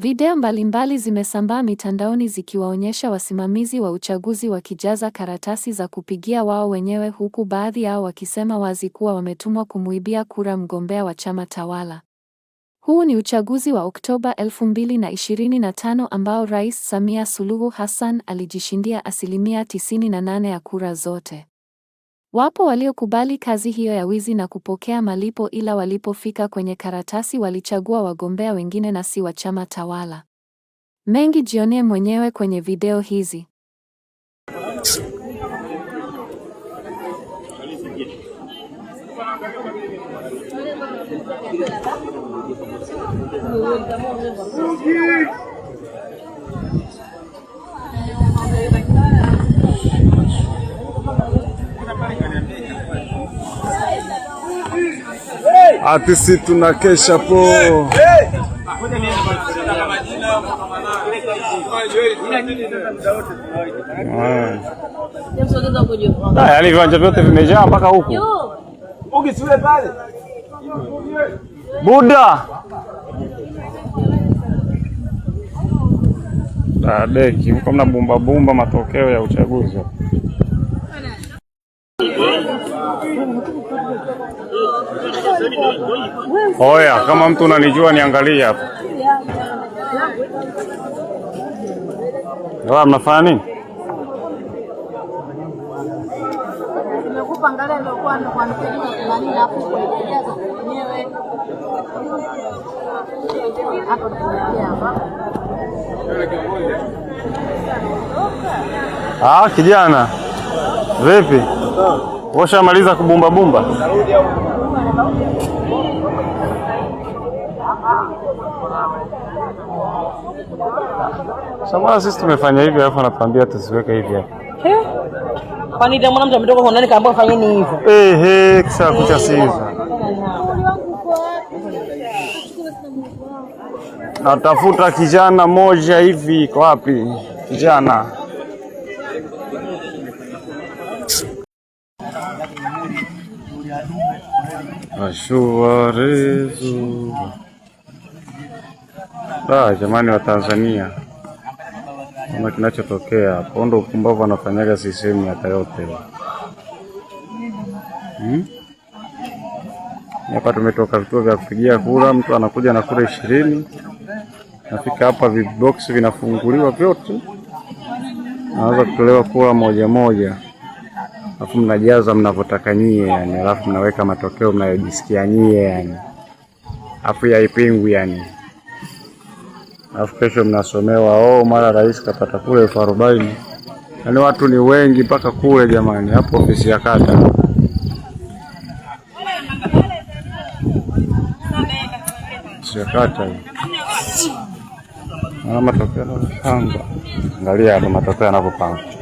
Video mbalimbali zimesambaa mitandaoni zikiwaonyesha wasimamizi wa uchaguzi wakijaza karatasi za kupigia wao wenyewe huku baadhi yao wakisema wazi kuwa wametumwa kumuibia kura mgombea wa chama tawala. Huu ni uchaguzi wa Oktoba 2025 ambao Rais Samia Suluhu Hassan alijishindia asilimia 98 ya kura zote. Wapo waliokubali kazi hiyo ya wizi na kupokea malipo ila walipofika kwenye karatasi walichagua wagombea wengine na si wa chama tawala. Mengi jionee mwenyewe kwenye video hizi. atisi tunakesha po yaani viwanja vyote vimejaa mpaka huku Buda Dadeki huko mna bumba bumba matokeo ya uchaguzi. Oya, kama mtu unanijua niangalie hapa. Aa, mnafanya nini? Ah, kijana vipi? Washamaliza kubumba bumba. Shamala, sisi tumefanya hivi alafu anatuambia tusiweke hivi hapa. Kwani ndio mwanamke ametoka huko ndani kaambia fanye fanyeni hivyo. Eh eh, kisa kucha si hivyo. Natafuta kijana moja hivi, kwa wapi? Kijana Ashuwarezu. Ah, jamani wa Tanzania, kama kinachotokea hapo ndo upumbavu anafanyaga sisehemu miaka yote hmm? hapa. Tumetoka vituo vya kupigia kura, mtu anakuja na kura ishirini, nafika hapa viboksi vinafunguliwa vyote, naweza kutolewa kura moja moja alafu mnajaza mnavyotaka nyie yani, alafu mnaweka matokeo mnayojisikia nyie yani, alafu yaipingwi yani, alafu kesho mnasomewa oh, mara rais kapata kule elfu arobaini yaani watu ni wengi mpaka kule jamani, hapo ofisi ya kata. kata ana matokeo anavyopanga, angalia hapo matokeo yanavyopanga.